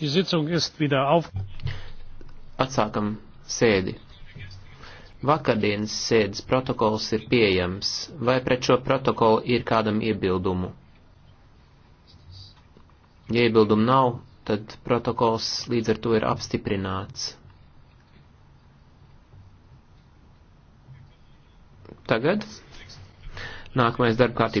Die Sitzung ist wieder auf. Atsākam sēdi. Vakardienas sēdes protokols ir pieejams. Vai pret šo protokolu ir kādam iebildumu? Ja iebildumu nav, tad protokols līdz ar to ir apstiprināts. Tagad nākamais darbkārtība.